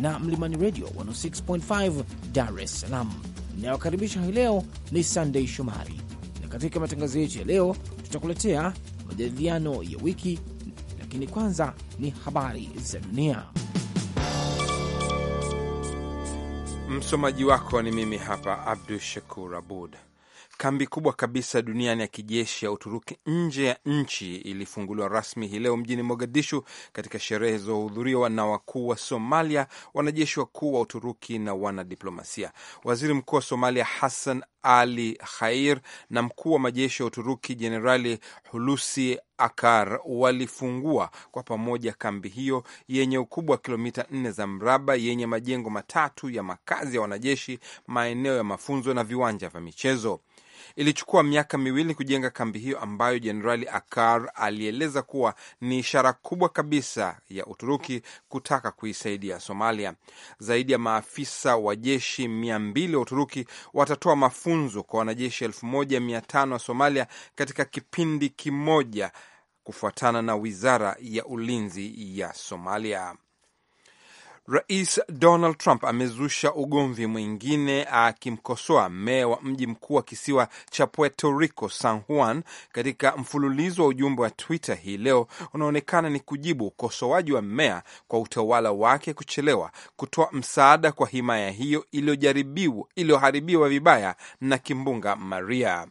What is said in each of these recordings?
na Mlimani Radio 106.5 Dar es Salaam. Inayokaribisha hii leo ni Sandei Shomari, na katika matangazo yetu ya leo tutakuletea majadiliano ya wiki, lakini kwanza ni habari za dunia. Msomaji wako ni mimi hapa Abdu Shakur Abud. Kambi kubwa kabisa duniani ya kijeshi ya Uturuki nje ya nchi ilifunguliwa rasmi hii leo mjini Mogadishu, katika sherehe zilizohudhuriwa na wakuu wa Somalia, wanajeshi wakuu wa Uturuki na wanadiplomasia. Waziri Mkuu wa Somalia Hassan Ali Khair na mkuu wa majeshi ya Uturuki Jenerali Hulusi Akar walifungua kwa pamoja kambi hiyo yenye ukubwa wa kilomita nne za mraba yenye majengo matatu ya makazi ya wanajeshi, maeneo ya mafunzo na viwanja vya michezo. Ilichukua miaka miwili kujenga kambi hiyo ambayo Jenerali Akar alieleza kuwa ni ishara kubwa kabisa ya Uturuki kutaka kuisaidia Somalia. Zaidi ya maafisa wa jeshi mia mbili wa Uturuki watatoa mafunzo kwa wanajeshi elfu moja mia tano wa Somalia katika kipindi kimoja, kufuatana na wizara ya ulinzi ya Somalia. Rais Donald Trump amezusha ugomvi mwingine akimkosoa meya wa mji mkuu wa kisiwa cha Puerto Rico, San Juan, katika mfululizo wa ujumbe wa Twitter hii leo unaonekana ni kujibu ukosoaji wa meya kwa utawala wake kuchelewa kutoa msaada kwa himaya hiyo iliyoharibiwa vibaya na kimbunga Maria.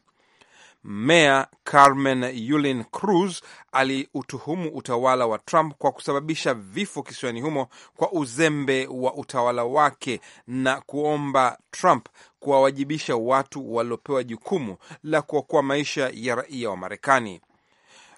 Meya Carmen Yulin Cruz aliutuhumu utawala wa Trump kwa kusababisha vifo kisiwani humo kwa uzembe wa utawala wake na kuomba Trump kuwawajibisha watu waliopewa jukumu la kuokoa maisha ya raia wa Marekani.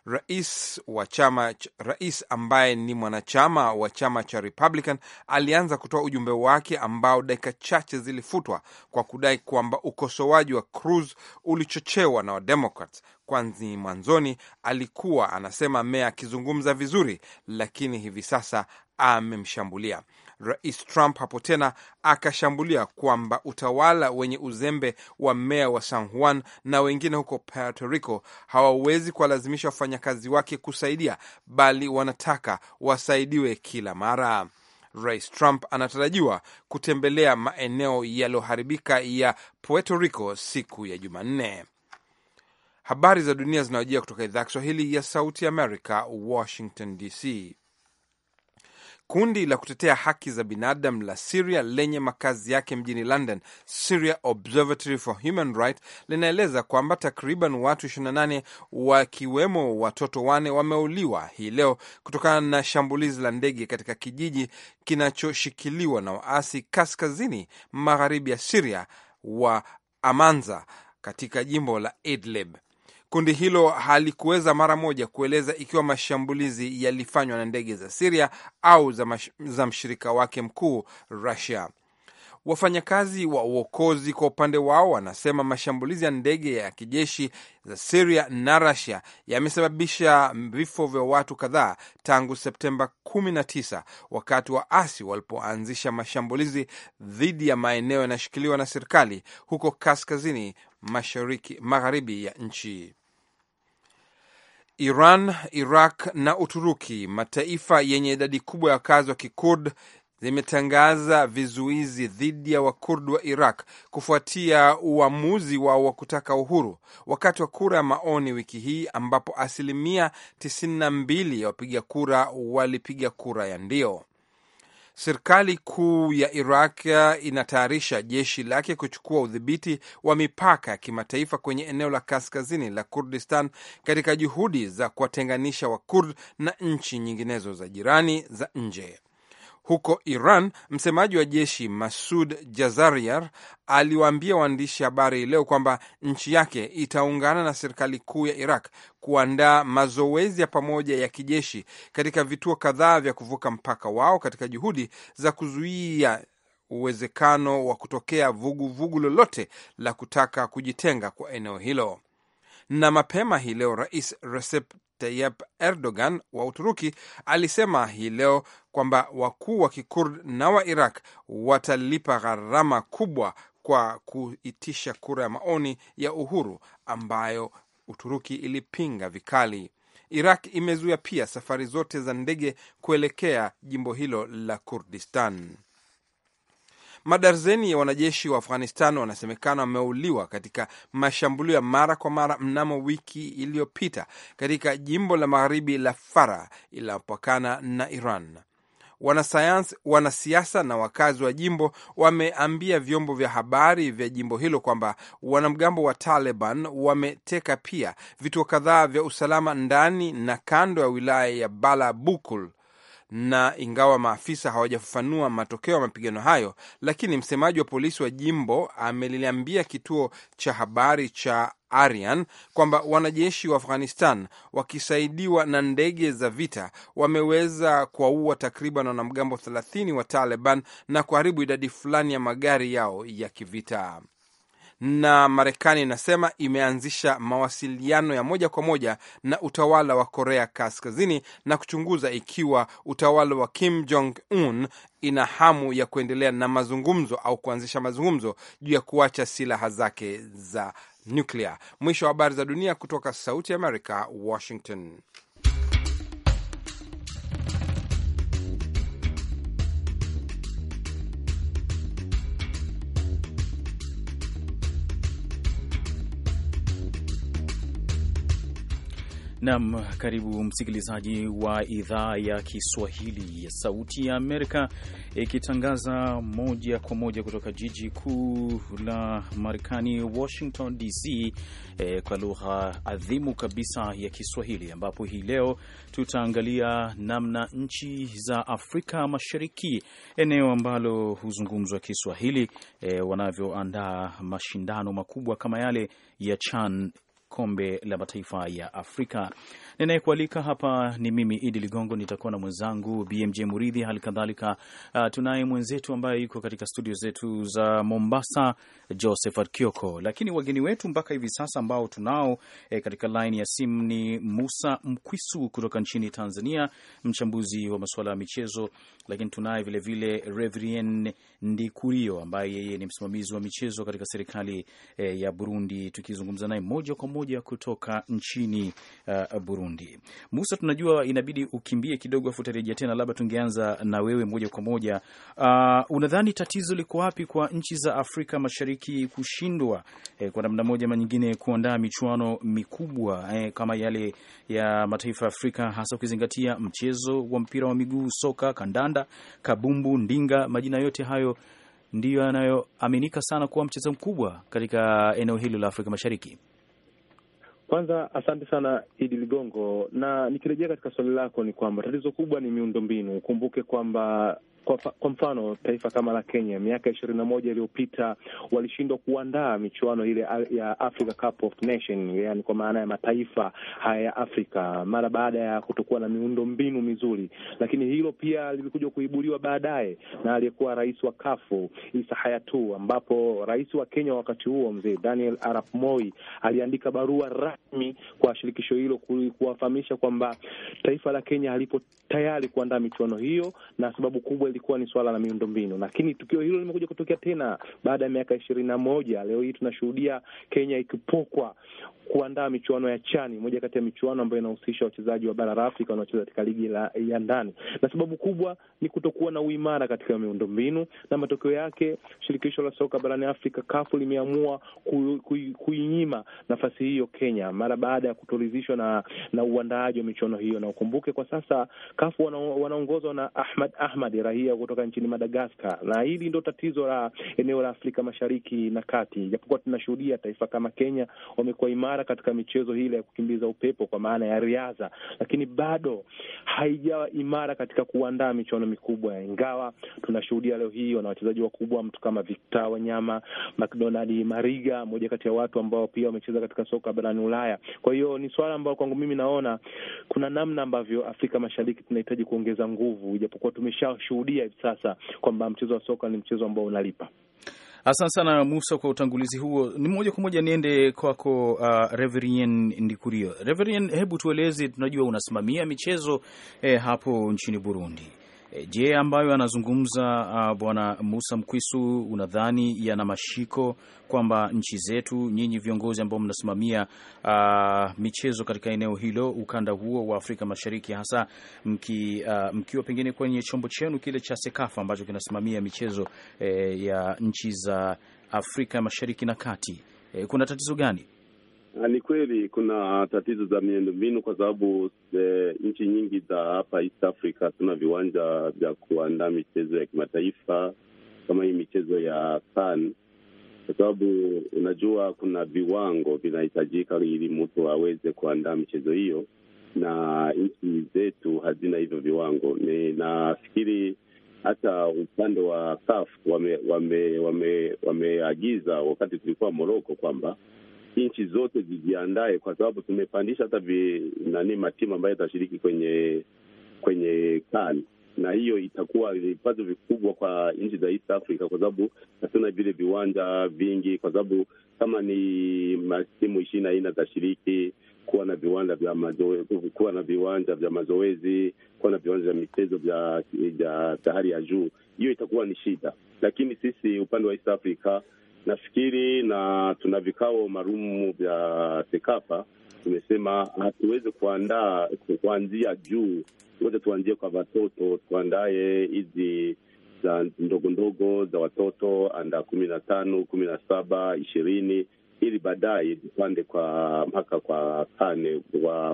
Rais wa chama rais ambaye ni mwanachama wa chama cha Republican alianza kutoa ujumbe wake ambao dakika chache zilifutwa kwa kudai kwamba ukosoaji wa Cruz ulichochewa na Wademokrats, kwani mwanzoni alikuwa anasema Mea akizungumza vizuri, lakini hivi sasa amemshambulia. Rais Trump hapo tena akashambulia kwamba utawala wenye uzembe wa meya wa San Juan na wengine huko Puerto Rico hawawezi kuwalazimisha wafanyakazi wake kusaidia, bali wanataka wasaidiwe kila mara. Rais Trump anatarajiwa kutembelea maeneo yaliyoharibika ya Puerto Rico siku ya Jumanne. Habari za dunia zinawajia kutoka idhaa ya Kiswahili ya Sauti Amerika, Washington DC. Kundi la kutetea haki za binadamu la Syria lenye makazi yake mjini London, Syria Observatory for Human Rights, linaeleza kwamba takriban watu 28 wakiwemo watoto wane wameuliwa hii leo kutokana na shambulizi la ndege katika kijiji kinachoshikiliwa na waasi kaskazini magharibi ya Syria wa Amanza katika jimbo la Idlib. Kundi hilo halikuweza mara moja kueleza ikiwa mashambulizi yalifanywa na ndege za Siria au za, za mshirika wake mkuu Rusia. Wafanyakazi wa uokozi kwa upande wao wanasema mashambulizi ya ndege ya kijeshi za Siria na Rusia yamesababisha vifo vya watu kadhaa tangu Septemba 19 wakati waasi walipoanzisha mashambulizi dhidi ya maeneo yanayoshikiliwa na serikali huko kaskazini mashariki magharibi ya nchi. Iran, Iraq na Uturuki, mataifa yenye idadi kubwa ya wakazi wa Kikurd, zimetangaza vizuizi dhidi ya Wakurdi wa Iraq kufuatia uamuzi wao wa kutaka uhuru wakati wa kura ya maoni wiki hii, ambapo asilimia 92 ya wapiga kura walipiga kura ya ndio. Serikali kuu ya Iraq inatayarisha jeshi lake kuchukua udhibiti wa mipaka ya kimataifa kwenye eneo la kaskazini la Kurdistan katika juhudi za kuwatenganisha Wakurd na nchi nyinginezo za jirani za nje. Huko Iran, msemaji wa jeshi Masud Jazariar aliwaambia waandishi habari leo kwamba nchi yake itaungana na serikali kuu ya Iraq kuandaa mazoezi ya pamoja ya kijeshi katika vituo kadhaa vya kuvuka mpaka wao katika juhudi za kuzuia uwezekano wa kutokea vuguvugu vugu lolote la kutaka kujitenga kwa eneo hilo. Na mapema hii leo Rais Recep Tayyip Erdogan wa Uturuki alisema hii leo kwamba wakuu wa Kikurd na wa Iraq watalipa gharama kubwa kwa kuitisha kura ya maoni ya uhuru ambayo Uturuki ilipinga vikali. Iraq imezuia pia safari zote za ndege kuelekea jimbo hilo la Kurdistan. Madarzeni ya wanajeshi wa Afghanistan wanasemekana wameuliwa katika mashambulio ya mara kwa mara mnamo wiki iliyopita katika jimbo la magharibi la Fara inayopakana na Iran. Wanasayansi, wanasiasa na wakazi wa jimbo wameambia vyombo vya habari vya jimbo hilo kwamba wanamgambo wa Taliban wameteka pia vituo kadhaa vya usalama ndani na kando ya wilaya ya Bala Bukul na ingawa maafisa hawajafafanua matokeo ya mapigano hayo, lakini msemaji wa polisi wa jimbo ameliambia kituo cha habari cha Aryan kwamba wanajeshi wa Afghanistan wakisaidiwa na ndege za vita wameweza kuwaua takriban wanamgambo 30 wa Taliban na kuharibu idadi fulani ya magari yao ya kivita na Marekani inasema imeanzisha mawasiliano ya moja kwa moja na utawala wa Korea Kaskazini na kuchunguza ikiwa utawala wa Kim Jong Un ina hamu ya kuendelea na mazungumzo au kuanzisha mazungumzo juu ya kuacha silaha zake za nyuklia. Mwisho wa habari za dunia kutoka Sauti ya Amerika, Washington. Nam, karibu msikilizaji wa idhaa ya Kiswahili ya Sauti ya Amerika ikitangaza moja kwa moja kutoka jiji kuu la Marekani, Washington DC, e, kwa lugha adhimu kabisa ya Kiswahili, ambapo hii leo tutaangalia namna nchi za Afrika Mashariki, eneo ambalo huzungumzwa Kiswahili, e, wanavyoandaa mashindano makubwa kama yale ya CHAN kombe la mataifa ya Afrika. Ninayekualika hapa ni mimi Idi Ligongo, nitakuwa na mwenzangu BMJ Muridhi, hali kadhalika uh, tunaye mwenzetu ambaye yuko katika studio zetu za Mombasa, Josephat Kioko. Lakini wageni wetu mpaka hivi sasa ambao tunao eh, katika laini ya simu ni Musa Mkwisu kutoka nchini Tanzania, mchambuzi wa masuala ya michezo, lakini tunaye vilevile Reverien Ndikurio ambaye yeye ni msimamizi wa michezo katika serikali eh, ya Burundi, tukizungumza naye moja kwa moja moja kutoka nchini uh, Burundi. Musa, tunajua inabidi ukimbie kidogo, afu utarejea tena, labda tungeanza na wewe moja kwa moja. Uh, unadhani tatizo liko wapi kwa nchi za Afrika Mashariki kushindwa eh, kwa namna moja ama nyingine kuandaa michuano mikubwa eh, kama yale ya mataifa ya Afrika, hasa ukizingatia mchezo wa mpira wa miguu, soka, kandanda, kabumbu, ndinga, majina yote hayo ndiyo yanayoaminika sana kuwa mchezo mkubwa katika eneo hilo la Afrika Mashariki. Kwanza asante sana Idi Ligongo, na nikirejea katika swali lako, ni kwamba tatizo kubwa ni miundombinu. Ukumbuke kwamba kwa, kwa mfano taifa kama la Kenya miaka ishirini na moja iliyopita walishindwa kuandaa michuano ile ya Africa Cup of Nation, yani kwa maana ya mataifa haya ya Afrika mara baada ya kutokuwa na miundo mbinu mizuri, lakini hilo pia lilikuja kuibuliwa baadaye na aliyekuwa rais wa kafu Isa Hayatu, ambapo rais wa Kenya wakati huo mzee Daniel Arap Moi aliandika barua rasmi kwa shirikisho hilo kuwafahamisha kwamba taifa la Kenya halipo tayari kuandaa michuano hiyo na sababu kubwa lilikuwa ni swala la miundombinu, lakini tukio hilo limekuja kutokea tena baada ya miaka ishirini na moja. Leo hii tunashuhudia Kenya ikipokwa kuandaa michuano ya Chani, moja kati ya michuano ambayo inahusisha wachezaji wa bara la Afrika wanaocheza katika ligi la ya ndani, na sababu kubwa ni kutokuwa na uimara katika miundombinu, na matokeo yake shirikisho la soka barani Afrika kafu limeamua kuinyima kui, kui nafasi hiyo Kenya mara baada ya kutoridhishwa na na uandaaji wa michuano hiyo. Na ukumbuke kwa sasa kafu wanaongozwa na Ahmad Ahmad rahia raia kutoka nchini Madagaskar, na hili ndo tatizo la eneo la Afrika Mashariki na Kati. Japokuwa tunashuhudia taifa kama Kenya wamekuwa imara katika michezo hile ya kukimbiza upepo kwa maana ya riadha, lakini bado haijawa imara katika kuandaa michuano mikubwa, ingawa tunashuhudia leo hii wana wachezaji wakubwa, mtu kama Victor Wanyama, McDonald Mariga, moja kati ya watu ambao pia wamecheza katika soka barani Ulaya. Kwa hiyo ni swala ambalo kwangu mimi naona kuna namna ambavyo Afrika Mashariki tunahitaji kuongeza nguvu, ijapokuwa tumeshashuhudia kufikiria hivi sasa kwamba mchezo wa soka ni mchezo ambao unalipa. Asante sana Musa kwa utangulizi huo. Ni moja kwa moja niende kwako, uh, Reverien Ndikurio. Reverien, hebu tueleze, tunajua unasimamia michezo eh, hapo nchini Burundi. Eh, je, ambayo anazungumza uh, Bwana Musa Mkwisu, unadhani yana mashiko kwamba nchi zetu, nyinyi viongozi ambao mnasimamia uh, michezo katika eneo hilo, ukanda huo wa Afrika Mashariki, hasa mki, uh, mkiwa pengine kwenye chombo chenu kile cha SEKAFA ambacho kinasimamia michezo eh, ya nchi za Afrika Mashariki na Kati, eh, kuna tatizo gani? Ah, ni kweli kuna tatizo za miundo mbinu kwa sababu e, nchi nyingi za hapa East Africa hatuna viwanja vya kuandaa michezo ya kimataifa kama hii michezo ya CHAN, kwa sababu unajua kuna viwango vinahitajika ili mtu aweze kuandaa michezo hiyo, na nchi zetu hazina hivyo viwango. Ninafikiri hata upande wa CAF wameagiza wame, wame, wame wakati tulikuwa Moroko kwamba nchi zote zijiandae, kwa sababu tumepandisha hata nani matimu ambayo yatashiriki kwenye kwenye kani na hiyo itakuwa vipato vikubwa kwa nchi za East Africa kwa sababu hatuna vile viwanja vingi, kwa sababu kama ni matimu ishirini na nne zashiriki, kuwa na viwanja vya mazoezi, kuwa na viwanja vya mazoezi, kuwa na viwanja vya michezo vya hali ya juu, hiyo itakuwa ni shida. Lakini sisi upande wa East Africa nafikiri na tuna vikao marumu vya sekafa tumesema hatuweze kuandaa kuanzia juu, tuweze tuanzie kwa watoto, tuandaye hizi za ndogo ndogo za watoto anda kumi na tano kumi na saba ishirini ili baadaye tupande kwa mpaka kwa kane wa,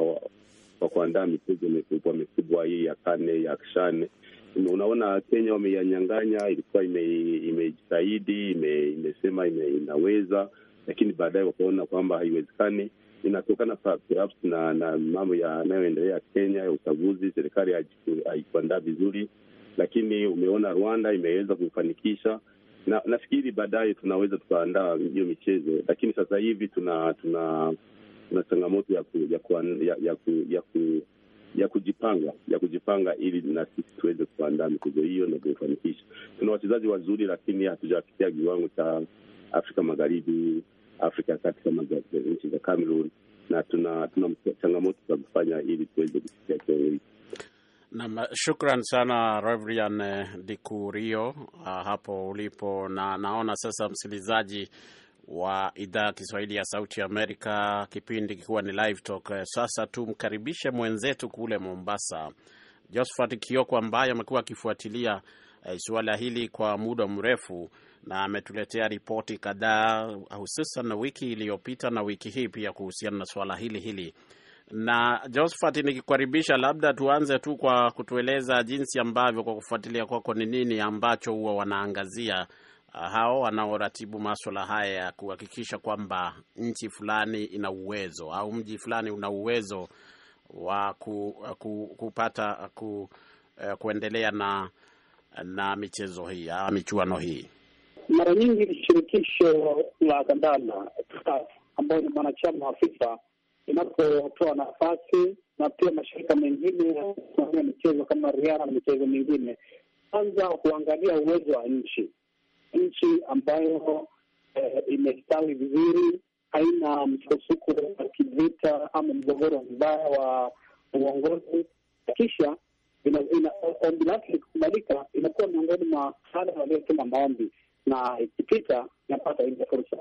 wa kuandaa michezo mikubwa mikubwa hii ya kane ya kshane Unaona, Kenya wameyanyanganya ilikuwa imejitahidi ime imesema ime ime inaweza, lakini baadaye wakaona kwamba haiwezekani. Inatokana perhaps na, na mambo yanayoendelea Kenya ya uchaguzi, serikali haikuandaa vizuri, lakini umeona Rwanda imeweza kufanikisha na nafikiri baadaye tunaweza tukaandaa hiyo michezo, lakini sasa hivi tuna tuna tuna changamoto ya ku, ya, ku, ya, ya, ku, ya, ku, ya kujipanga ya kujipanga ili na sisi tuweze kuandaa michezo hiyo na kuifanikisha. Tuna wachezaji wazuri, lakini hatujafikia kiwango cha Afrika Magharibi, Afrika Kati kama nchi za Cameroon, na tuna tuna changamoto za kufanya ili tuweze kufikia kiwango hiki. Nam, shukran sana Reverend Dikurio ah, hapo ulipo, na naona sasa msikilizaji wa idhaa ya Kiswahili ya Sauti ya Amerika, kipindi kikiwa ni Live Talk. Eh, sasa tumkaribishe mwenzetu kule Mombasa, Josphat Kioko, ambaye amekuwa akifuatilia eh, suala hili kwa muda mrefu na ametuletea ripoti kadhaa, hususan wiki iliyopita na wiki hii pia kuhusiana na suala hili hili. Na Josphat, nikikukaribisha, labda tuanze tu kwa kutueleza jinsi ambavyo, kwa kufuatilia kwako, ni nini ambacho huwa wanaangazia Ah, hao wanaoratibu maswala haya ya kuhakikisha kwamba nchi fulani ina uwezo au mji fulani una uwezo wa ku, ku, kupata ku, eh, kuendelea na na michezo hii au ah, michuano hii. Mara nyingi shirikisho la kandanda ambayo ni mwanachama wa FIFA inapotoa nafasi na pia mashirika mengine yakusimamia michezo kama riara na michezo mingine, kwanza kuangalia uwezo wa nchi nchi ambayo eh, imestawi vizuri, haina msukosuko wa kivita ama mgogoro mbaya wa uongozi, kisha ombi lake likikubalika, inakuwa miongoni mwa wale waliotuma maombi, na ikipita inapata ile fursa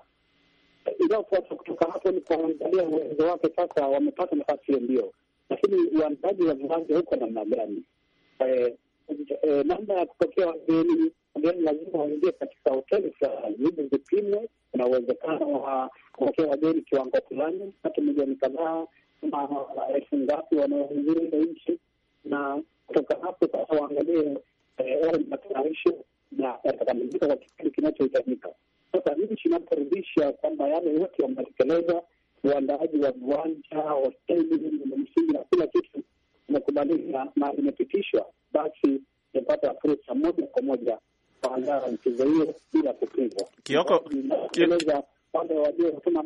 inayofuata. Kutoka hapo ni kuangalia uwezo wake. Sasa wamepata nafasi hiyo, ndio, lakini uandaji wa viwanja huko namna gani? Eh, eh, namna ya kupokea wageni wageni lazima waingie katika hoteli fulani, hivi vipimwe. Kuna uwezekano wa kupokea wageni kiwango fulani, watu milioni kadhaa ama elfu ngapi wanaoingia ile nchi, na kutoka hapo sasa waangalie eh, yale matayarisho na yatakamilika kwa kipindi kinachohitajika. Sasa nchi inaporudisha kwamba yale yote wametekeleza, uandaaji wa viwanja, hoteli, miundo msingi na kila kitu imekubalika na imepitishwa, basi imepata fursa moja kwa moja hadhara michezo hiyo bila kupingwa. Kioko wale waliosema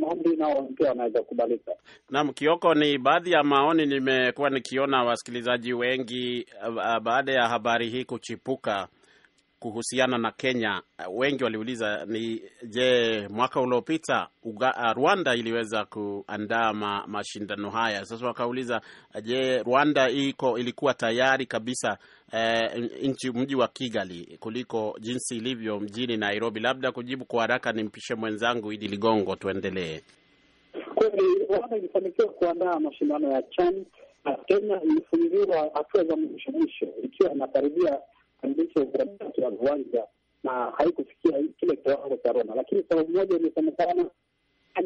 Naam, Kioko, ni baadhi ya maoni nimekuwa nikiona wasikilizaji wengi eh, baada ya habari hii kuchipuka kuhusiana na Kenya, eh, wengi waliuliza ni je, mwaka uliopita eh, Rwanda iliweza kuandaa ma, mashindano haya. Sasa wakauliza je, Rwanda iko ilikuwa tayari kabisa eh, nchi mji wa Kigali kuliko jinsi ilivyo mjini Nairobi. Labda kujibu kwa haraka, nimpishe mwenzangu Idi Ligongo, tuendelee. Kweli Rwanda ilifanikiwa kuandaa mashindano ya CHAN na Kenya ilifungiwa hatua za mwisho mwisho ikiwa inakaribia kukamilisha ukarabati wa viwanja na haikufikia kile kiwango cha Roma, lakini sababu moja imesemekana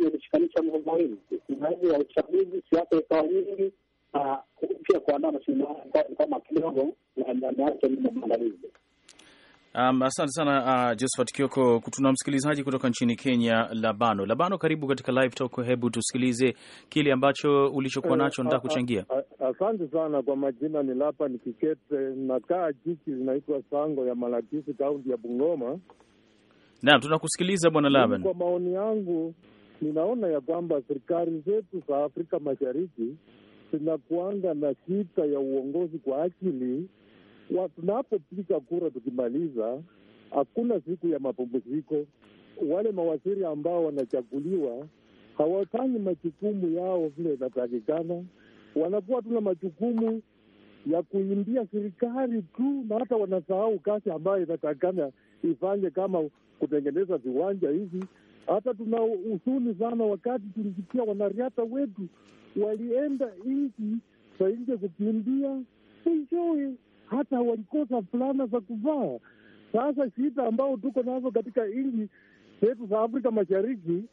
ilishikanisha yaani mambo mawili, usimamizi wa uchaguzi, siasa ikawa nyingi, na pia kuandaa mashindano kama kidogo, na ndani yake ni maandalizi. Um, asante sana uh, Josephat Kioko. Tuna msikilizaji kutoka nchini Kenya, Labano. Labano, karibu katika live talk. Hebu tusikilize kile ambacho ulichokuwa eh, nacho, nataka ah, ah, kuchangia. Uh, uh, uh, Asante sana kwa majina, ni Lapa ni Kikete, nakaa jiji linaitwa Sango ya Malakisi, kaunti ya Bungoma. Naam, tunakusikiliza bwana Laban. Kwa maoni yangu, ninaona ya kwamba serikali zetu za Afrika Mashariki zinakuanga na shita ya uongozi kwa ajili tunapopiga kura, tukimaliza hakuna siku ya mapumziko. Wale mawaziri ambao wanachaguliwa hawafanyi majukumu yao vile inatakikana wanakuwa tuna majukumu ya kuimbia serikali tu, na hata wanasahau kazi ambayo inatakana ifanye kama kutengeneza viwanja hivi. Hata tuna huzuni sana wakati tulisikia wanariadha wetu walienda nchi za nje kukimbia enjoy, hata walikosa fulana za kuvaa. Sasa shida ambao tuko nazo katika nchi zetu za Afrika Mashariki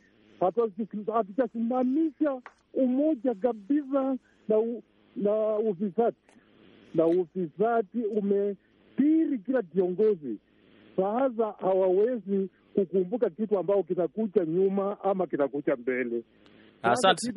hatujasimamisha umoja kabisa na, u, na ufisadi na ufisadi umepiri kila kiongozi sasa hawawezi kukumbuka kitu ambao kinakuja nyuma ama kinakuja mbele. Asante,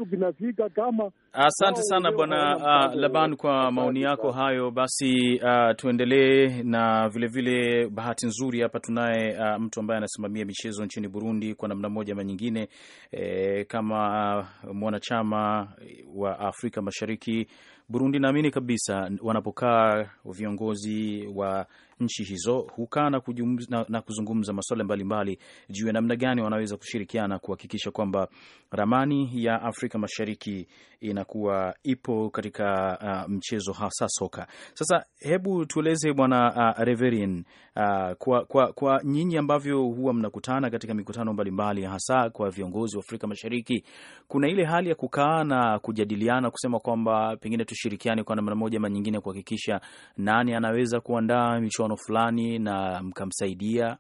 asante sana bwana uh, Laban kwa maoni yako hayo. Basi uh, tuendelee na vilevile vile. Bahati nzuri hapa tunaye uh, mtu ambaye anasimamia michezo nchini Burundi kwa namna moja ama nyingine, e, kama uh, mwanachama wa Afrika Mashariki Burundi, naamini kabisa wanapokaa viongozi wa nchi hizo hukaa na, na, na kuzungumza masuala mbalimbali juu ya namna gani wanaweza kushirikiana kuhakikisha kwamba ramani ya Afrika Mashariki inakuwa ipo katika uh, mchezo hasa soka. Sasa hebu tueleze bwana uh, Reverin uh, kwa, kwa, kwa nyinyi ambavyo huwa mnakutana katika mikutano mbalimbali mbali, hasa kwa viongozi wa Afrika Mashariki, kuna ile hali ya kukaa na kujadiliana kusema kwamba pengine tushirikiane kwa namna moja ama nyingine kuhakikisha nani anaweza kuandaa michuano mfano fulani na mkamsaidia?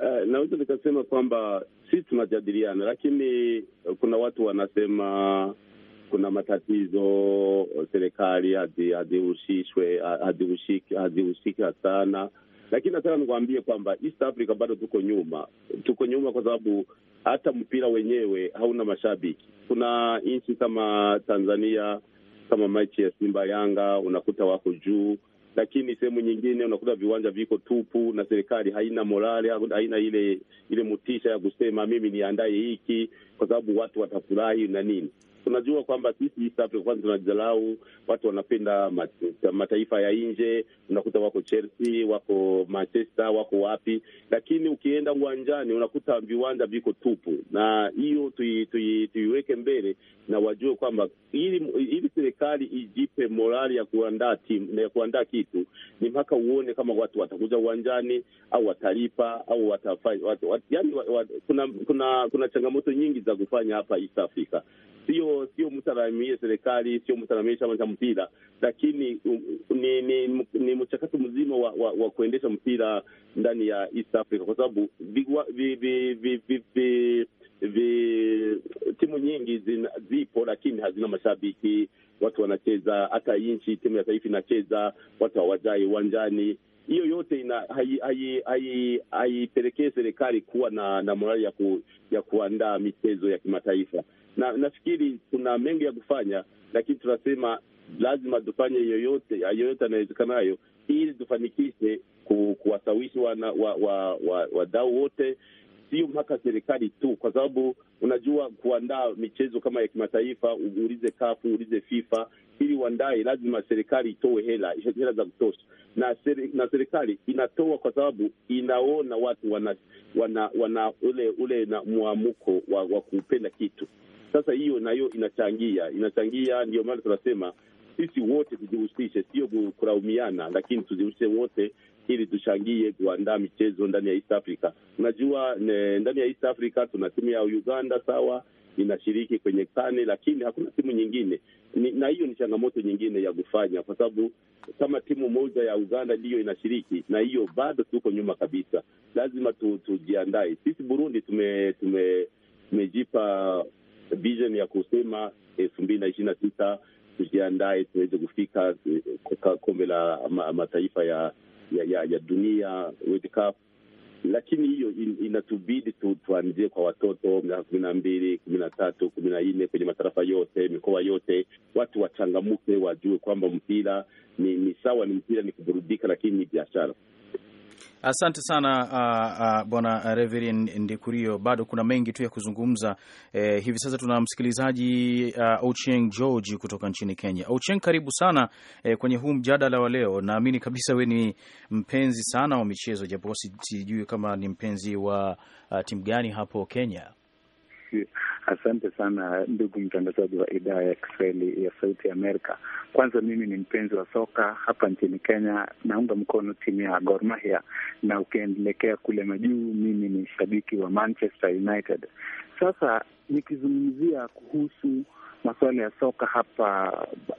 Uh, naweza nikasema kwamba sisi tunajadiliana, lakini kuna watu wanasema kuna matatizo, serikali hazihusishwe, hazihusika sana, lakini nataka nikuambie kwamba East Africa bado tuko nyuma, tuko nyuma kwa sababu hata mpira wenyewe hauna mashabiki. Kuna nchi kama Tanzania, kama mechi ya Simba Yanga unakuta wako juu lakini sehemu nyingine unakuta viwanja viko tupu na serikali haina morale, haina ile ile motisha ya kusema mimi niandaye hiki kwa sababu watu watafurahi na nini tunajua kwamba sisi East Africa kwanza tunajalau, Watu wanapenda mataifa ya nje, unakuta wako Chelsea, wako Manchester, wako wapi, lakini ukienda uwanjani unakuta viwanja viko tupu, na hiyo tui, tui, tuiweke mbele na wajue kwamba ili serikali ijipe morali ya kuandaa timu na ya kuandaa kitu ni mpaka uone kama watu watakuja uwanjani au watalipa au watafanya wat, wat, yani, wat, kuna, kuna, kuna changamoto nyingi za kufanya hapa East Africa sio sio sio serikali, sio mtaramie chama cha mpira, lakini um, ni, ni, ni mchakato mzima wa, wa, wa kuendesha mpira ndani ya East Africa, kwa sababu timu nyingi zina, zipo lakini hazina mashabiki, watu wanacheza, hata nchi timu ya taifa inacheza, watu hawajai uwanjani hiyo yote haipelekee serikali kuwa na na morali ya, ku, ya kuandaa michezo ya kimataifa na nafikiri kuna mengi ya kufanya, lakini tunasema lazima tufanye yoyote yoyote anayowezekanayo ili tufanikishe kuwasawishi wadau wa, wa, wa, wa wote, sio mpaka serikali tu, kwa sababu unajua kuandaa michezo kama ya kimataifa, uulize kafu uulize FIFA ili uandae, lazima serikali itoe hela hela za kutosha, na seri, na serikali inatoa kwa sababu inaona watu wana, wana, wana ule ule na mwamuko wa, wa kupenda kitu sasa hiyo nayo inachangia, inachangia. Ndio maana tunasema sisi wote tujihusishe, sio kulaumiana, lakini tujihusishe wote ili tuchangie kuandaa michezo ndani ya East Africa. Unajua ne, ndani ya East Africa tuna timu ya Uganda sawa, inashiriki kwenye kane, lakini hakuna timu nyingine ni, na hiyo ni changamoto nyingine ya kufanya, kwa sababu kama timu moja ya Uganda ndiyo inashiriki, na hiyo bado tuko nyuma kabisa. Lazima tu, tujiandae sisi. Burundi tume tume tumejipa vision ya kusema elfu mbili na ishirini na sita tujiandae tuweze kufika eh, kombe la ma, mataifa ya ya, ya, ya dunia World Cup, lakini hiyo in, inatubidi tu, tuanzie kwa watoto miaka kumi na mbili kumi na tatu kumi na nne kwenye matarafa yote mikoa yote, watu wachangamke wajue kwamba mpira ni, ni sawa, ni mpira ni kuburudika, lakini ni biashara. Asante sana uh, uh, bwana Reverend Ndikurio, bado kuna mengi tu ya kuzungumza eh. Hivi sasa tuna msikilizaji uh, Ochieng George kutoka nchini Kenya. Ochieng, karibu sana eh, kwenye huu mjadala wa leo. Naamini kabisa we ni mpenzi sana wa michezo, japo sijui kama ni mpenzi wa uh, timu gani hapo Kenya. Asante sana ndugu mtangazaji wa idhaa ya Kiswahili ya Sauti Amerika. Kwanza mimi ni mpenzi wa soka hapa nchini Kenya, naunga mkono timu ya Gor Mahia, na ukiendelekea kule majuu, mimi ni shabiki wa Manchester United. Sasa nikizungumzia kuhusu masuala ya soka hapa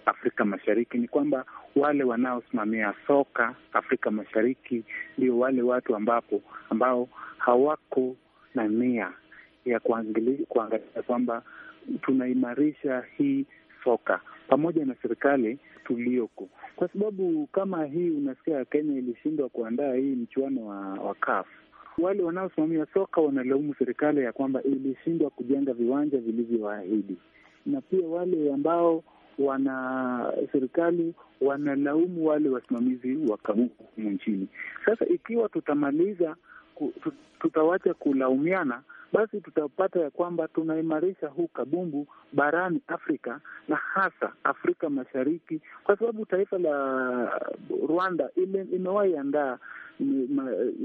Afrika Mashariki ni kwamba wale wanaosimamia soka Afrika Mashariki ndio wale watu ambapo ambao hawako na nia ya kuangalia kwamba tunaimarisha hii soka pamoja na serikali tulioko, kwa sababu kama hii unasikia Kenya ilishindwa kuandaa hii mchuano wa, wa CAF. Wale wanaosimamia soka wanalaumu serikali ya kwamba ilishindwa kujenga viwanja vilivyoahidi, na pia wale ambao wana serikali wanalaumu wale wasimamizi wa kamu humu nchini. Sasa ikiwa tutamaliza tutawacha kulaumiana, basi tutapata ya kwamba tunaimarisha huu kabumbu barani Afrika na hasa Afrika Mashariki, kwa sababu taifa la Rwanda imewahi andaa mm,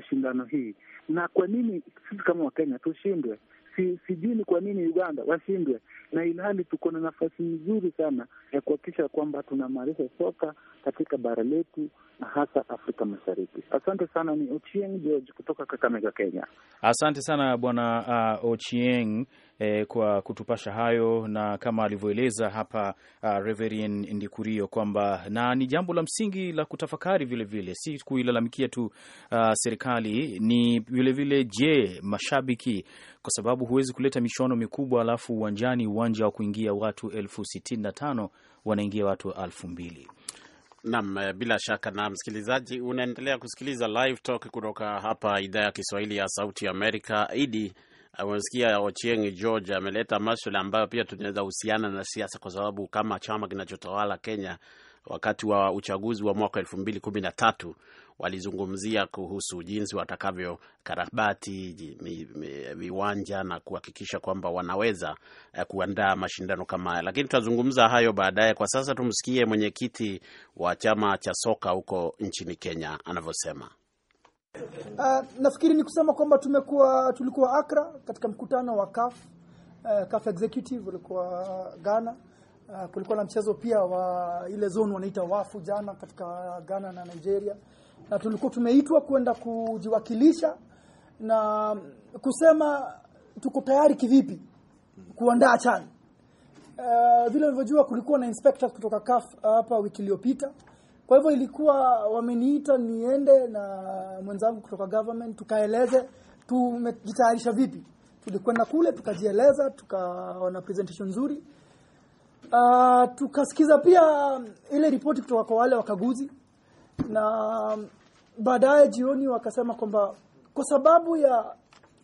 shindano hii. Na kwa nini sisi kama Wakenya tushindwe? si, sijui ni kwa nini Uganda washindwe, na ilhali tuko na nafasi nzuri sana ya kuhakikisha kwamba tunaimarisha soka katika bara letu na hasa Afrika Mashariki. Asante sana. Ni Ochieng George kutoka Kakamega, Kenya. Asante sana bwana uh, Ochieng e, kwa kutupasha hayo, na kama alivyoeleza hapa uh, Reverend Ndikurio kwamba na ni jambo la msingi la kutafakari vilevile vile, si kuilalamikia tu uh, serikali ni vilevile vile, je, mashabiki kwa sababu huwezi kuleta michuano mikubwa alafu uwanjani uwanja wa kuingia watu elfu sitini na tano wanaingia watu elfu mbili Nam, e, bila shaka na msikilizaji, unaendelea kusikiliza Live Talk kutoka hapa idhaa ya Kiswahili ya Sauti Amerika. Idi Umesikia Ochieng George ameleta maswala ambayo pia tunaweza husiana na siasa, kwa sababu kama chama kinachotawala Kenya wakati wa uchaguzi wa mwaka elfu mbili kumi na tatu walizungumzia kuhusu jinsi watakavyo karabati viwanja na kuhakikisha kwamba wanaweza eh, kuandaa mashindano kama haya, lakini tutazungumza hayo baadaye. Kwa sasa tumsikie mwenyekiti wa chama cha soka huko nchini Kenya anavyosema. Uh, nafikiri ni kusema kwamba tumekuwa tulikuwa Accra katika mkutano wa CAF uh, CAF executive ulikuwa Ghana. Uh, kulikuwa na mchezo pia wa ile zone wanaita wafu jana katika Ghana na Nigeria, na tulikuwa tumeitwa kwenda kujiwakilisha na kusema tuko tayari kivipi kuandaa CHAN. Uh, vile unavyojua kulikuwa na inspectors kutoka CAF hapa wiki iliyopita kwa hivyo ilikuwa wameniita niende na mwenzangu kutoka government tukaeleze tumejitayarisha vipi. Tulikwenda kule tukajieleza, tukaona presentation nzuri. Uh, tukasikiza pia ile ripoti kutoka kwa wale wakaguzi na baadaye jioni wakasema kwamba kwa sababu ya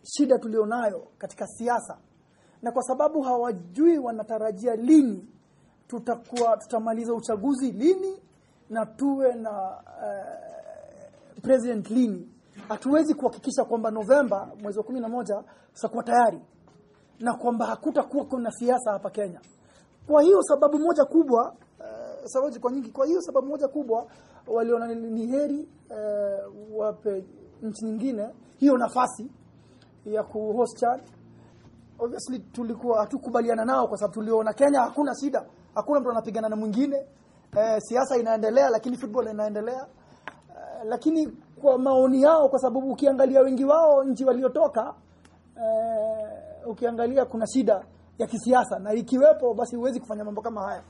shida tulionayo katika siasa na kwa sababu hawajui wanatarajia lini tutakuwa tutamaliza uchaguzi lini na tuwe na uh, president lini hatuwezi kuhakikisha kwamba Novemba mwezi wa kumi na moja tutakuwa tayari na kwamba hakutakuwa kuna siasa hapa Kenya. Kwa hiyo sababu moja kubwa uh, sababu kwa nyingi, kwa hiyo sababu moja kubwa waliona ni heri uh, wape nchi nyingine hiyo nafasi ya kuhost CHAN. Obviously tulikuwa hatukubaliana nao kwa sababu tuliona Kenya hakuna shida, hakuna mtu anapigana na mwingine eh, siasa inaendelea lakini football inaendelea eh, lakini kwa maoni yao kwa sababu ukiangalia wengi wao nchi waliotoka eh, ukiangalia kuna shida ya kisiasa na ikiwepo basi huwezi kufanya mambo kama haya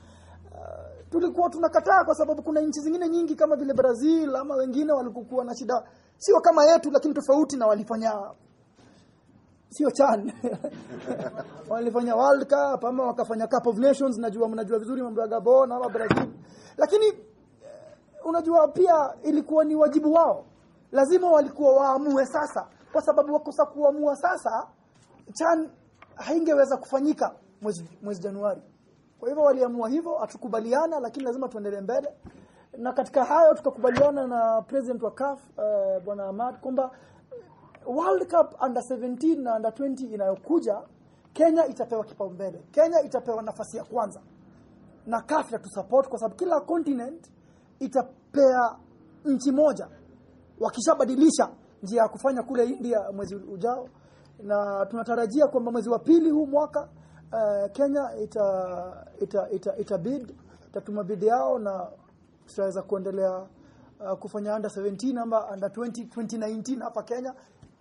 eh, tulikuwa tunakataa kwa sababu kuna nchi zingine nyingi kama vile Brazil ama wengine walikuwa na shida sio kama yetu lakini tofauti na walifanya sio chan walifanya world cup ama wakafanya cup of nations najua mnajua vizuri mambo ya Gabon ama Brazil lakini eh, unajua pia ilikuwa ni wajibu wao lazima walikuwa waamue sasa kwa sababu wakosa kuamua sasa chan haingeweza kufanyika mwezi, mwezi Januari kwa hivyo waliamua hivyo atukubaliana lakini lazima tuendelee mbele na katika hayo tukakubaliana na president wa CAF uh, bwana Ahmad kwamba World Cup under 17 na under 20 inayokuja Kenya itapewa kipaumbele. Kenya itapewa nafasi ya kwanza na CAF ya tusupport, kwa sababu kila continent itapea nchi moja. Wakishabadilisha njia ya kufanya kule India mwezi ujao, na tunatarajia kwamba mwezi wa pili huu mwaka uh, Kenya ita ita, ita, ita bid itatuma bid yao na tutaweza kuendelea uh, kufanya under 17 ama under 20 2019 hapa Kenya.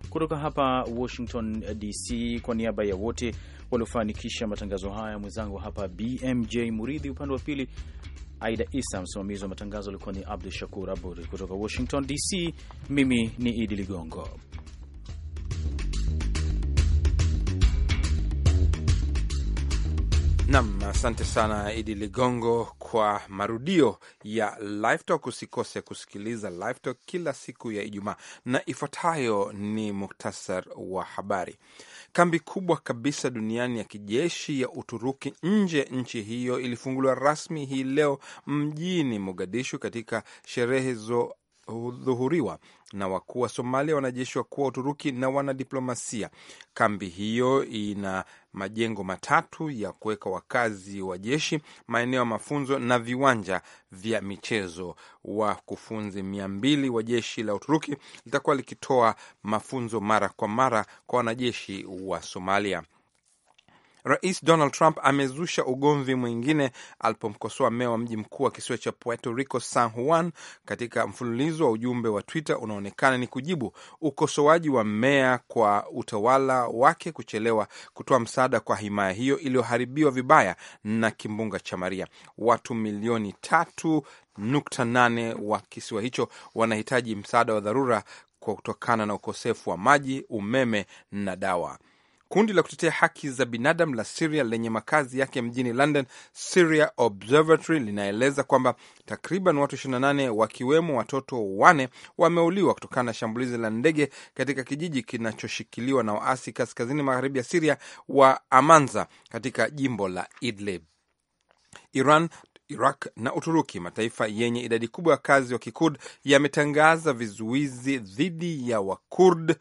Kutoka hapa Washington eh, DC, kwa niaba ya wote waliofanikisha matangazo haya, mwenzangu hapa BMJ Muridhi, upande wa pili Aida Isa, msimamizi wa matangazo alikuwa ni Abdu Shakur Abud. Kutoka Washington DC, mimi ni Idi Ligongo. Nam, asante sana Idi Ligongo kwa marudio ya Live Talk. Usikose kusikiliza Live Talk kila siku ya Ijumaa. Na ifuatayo ni muktasar wa habari. Kambi kubwa kabisa duniani ya kijeshi ya Uturuki nje ya nchi hiyo ilifunguliwa rasmi hii leo mjini Mogadishu katika sherehe hudhuhuriwa na wakuu wa Somalia, wanajeshi wakuu wa Uturuki na wanadiplomasia. Kambi hiyo ina majengo matatu ya kuweka wakazi wa jeshi, maeneo ya mafunzo na viwanja vya michezo. Wakufunzi mia mbili wa jeshi la Uturuki litakuwa likitoa mafunzo mara kwa mara kwa wanajeshi wa Somalia. Rais Donald Trump amezusha ugomvi mwingine alipomkosoa meya wa mji mkuu wa kisiwa cha Puerto Rico, San Juan, katika mfululizo wa ujumbe wa Twitter unaonekana ni kujibu ukosoaji wa meya kwa utawala wake kuchelewa kutoa msaada kwa himaya hiyo iliyoharibiwa vibaya na kimbunga cha Maria. Watu milioni tatu nukta nane wa kisiwa hicho wanahitaji msaada wa dharura kwa kutokana na ukosefu wa maji, umeme na dawa. Kundi la kutetea haki za binadamu la Siria lenye makazi yake mjini London, Syria Observatory, linaeleza kwamba takriban watu 28 wakiwemo watoto wane wameuliwa kutokana na shambulizi la ndege katika kijiji kinachoshikiliwa na waasi kaskazini magharibi ya Siria wa Amanza katika jimbo la Idlib. Iran, Iraq na Uturuki, mataifa yenye idadi kubwa ya wakazi wa Kikurd, yametangaza vizuizi dhidi ya Wakurd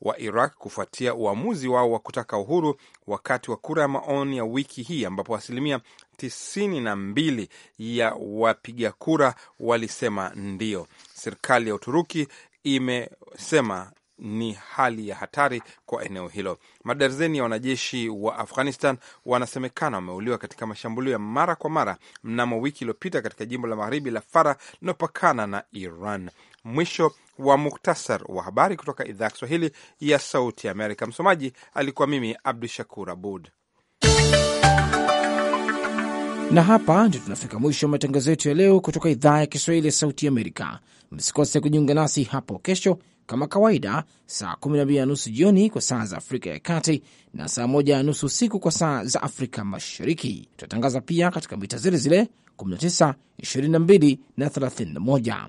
wa Iraq kufuatia uamuzi wao wa kutaka uhuru wakati wa kura ya maoni ya wiki hii ambapo asilimia tisini na mbili ya wapiga kura walisema ndio. Serikali ya Uturuki imesema ni hali ya hatari kwa eneo hilo. Madarzeni ya wanajeshi wa Afghanistan wanasemekana wameuliwa katika mashambulio ya mara kwa mara mnamo wiki iliyopita katika jimbo la magharibi la Fara linalopakana na Iran. Mwisho wa muktasar wa habari kutoka idhaa ya Kiswahili ya Sauti ya Amerika. Msomaji alikuwa mimi Abdu Shakur Abud. Na hapa ndio tunafika mwisho wa matangazo yetu ya leo kutoka idhaa ya Kiswahili ya Sauti ya Amerika. Msikose kujiunga nasi hapo kesho kama kawaida, saa 12 na nusu jioni kwa saa za Afrika ya Kati na saa 1 na nusu usiku kwa saa za Afrika Mashariki. Tutatangaza pia katika mita zile zile 19, 22 na 31.